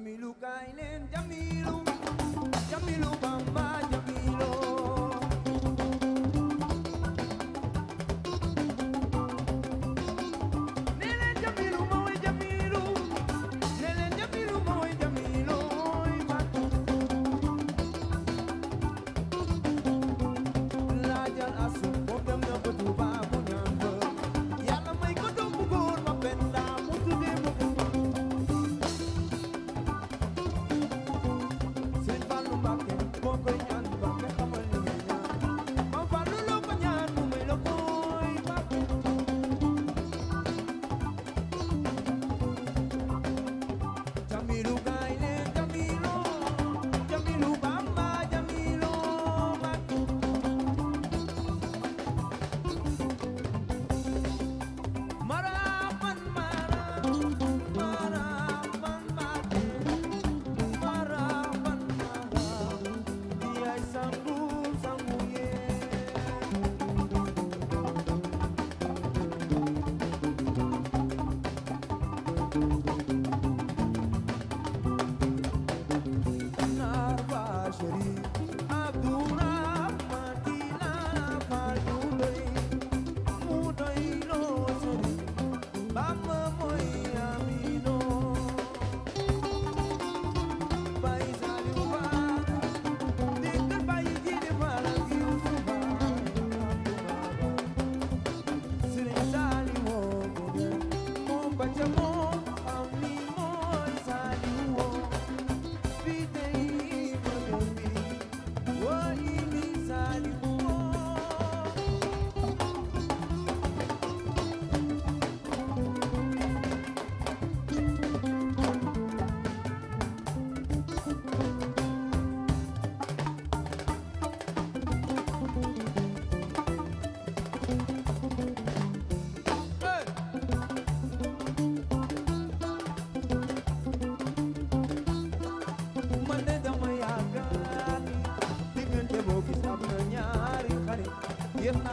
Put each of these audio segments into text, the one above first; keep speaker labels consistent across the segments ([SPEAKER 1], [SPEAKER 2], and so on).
[SPEAKER 1] Jamilu Kailen, Jamilu, Jamilu Bamba,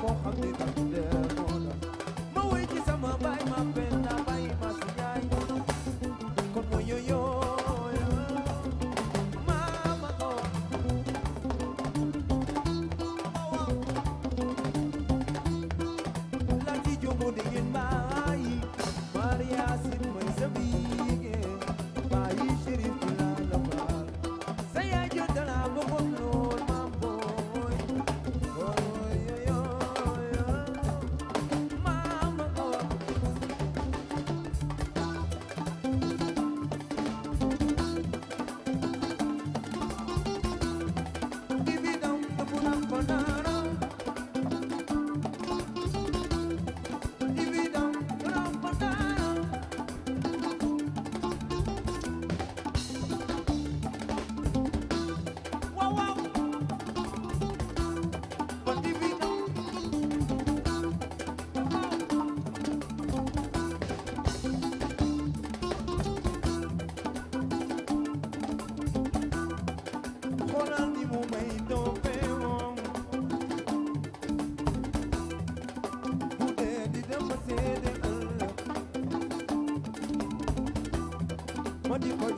[SPEAKER 1] 我何必等你？Ходи, ходи.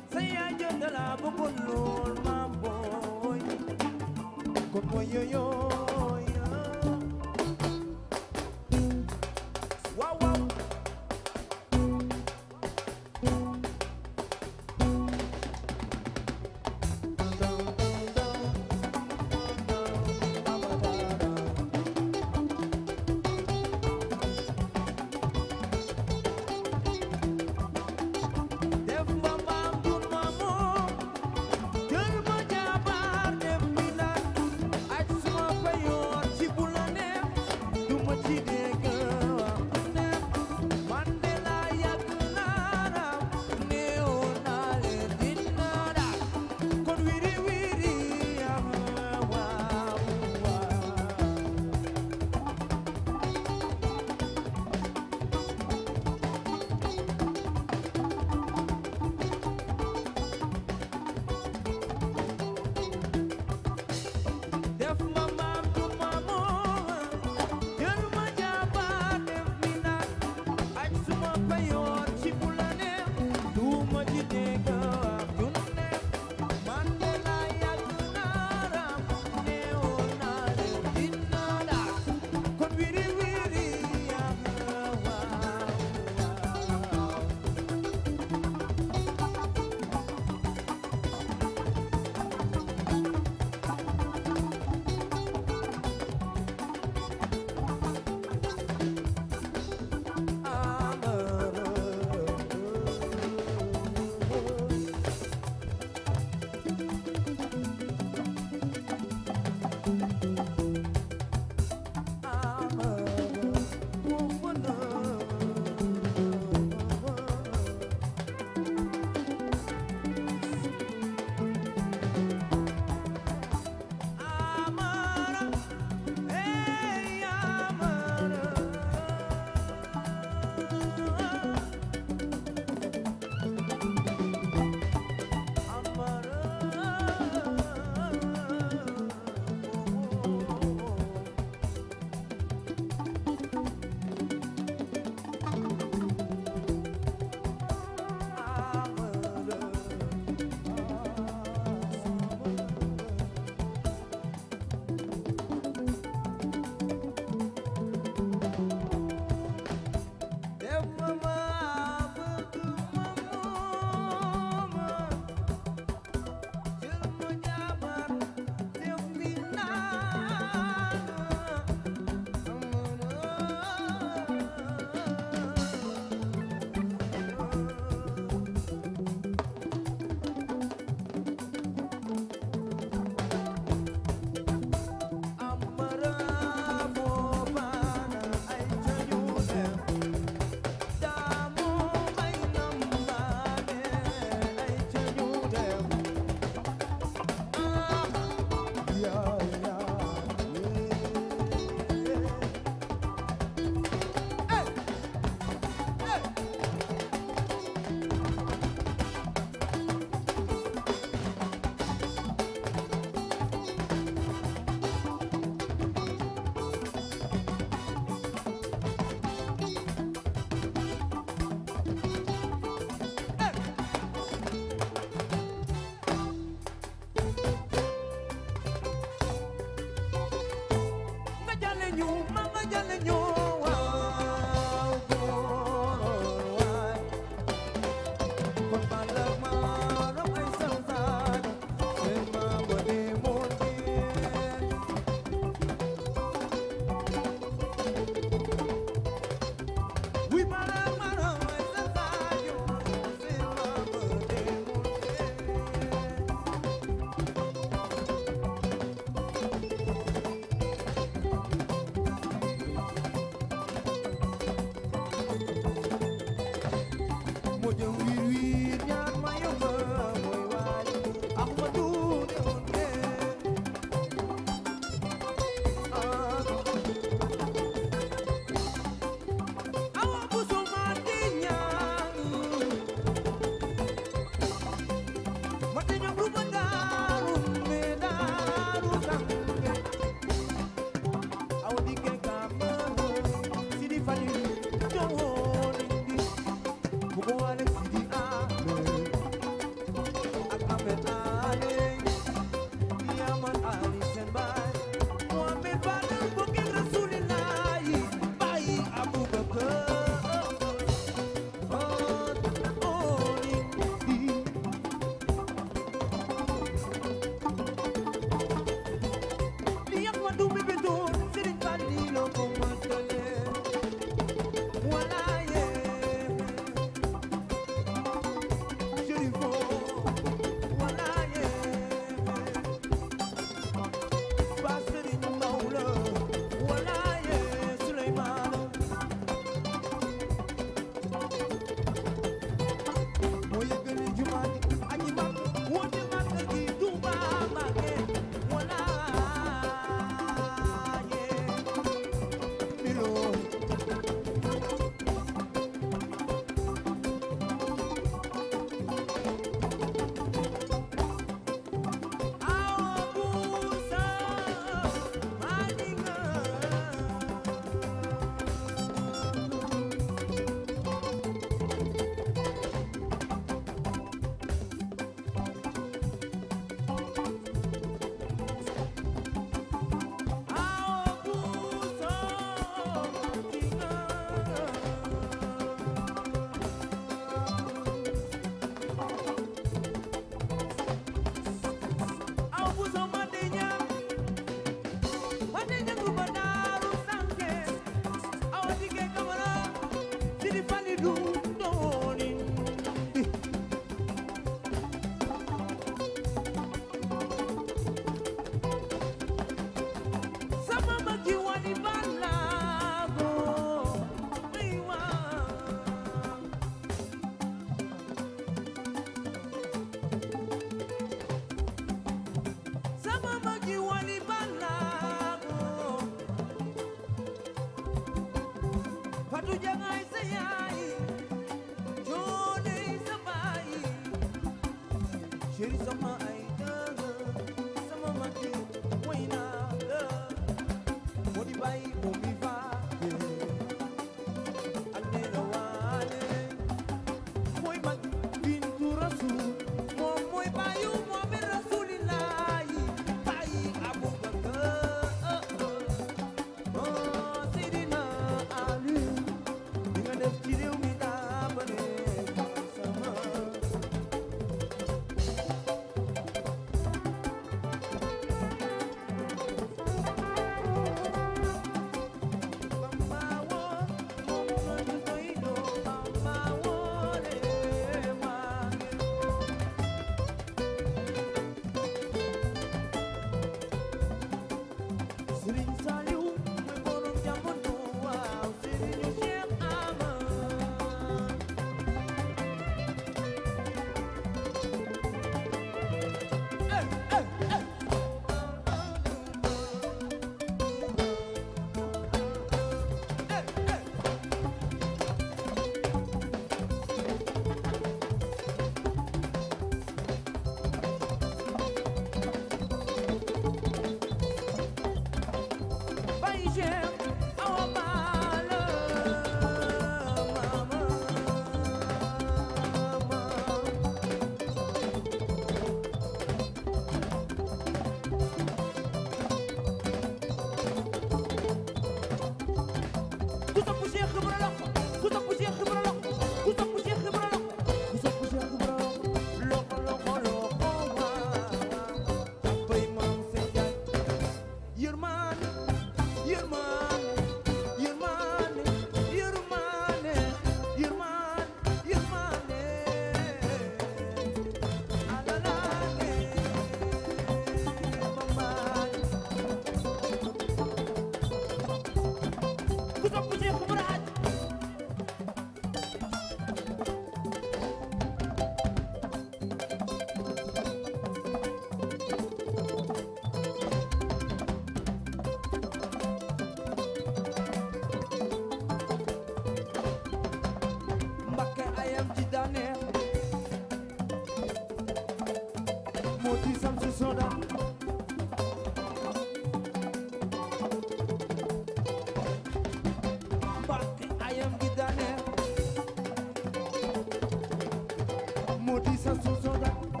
[SPEAKER 1] Modi sa so so that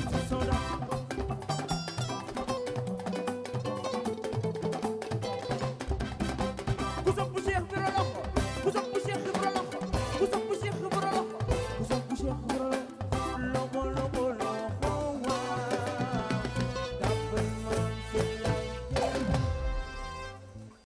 [SPEAKER 1] something.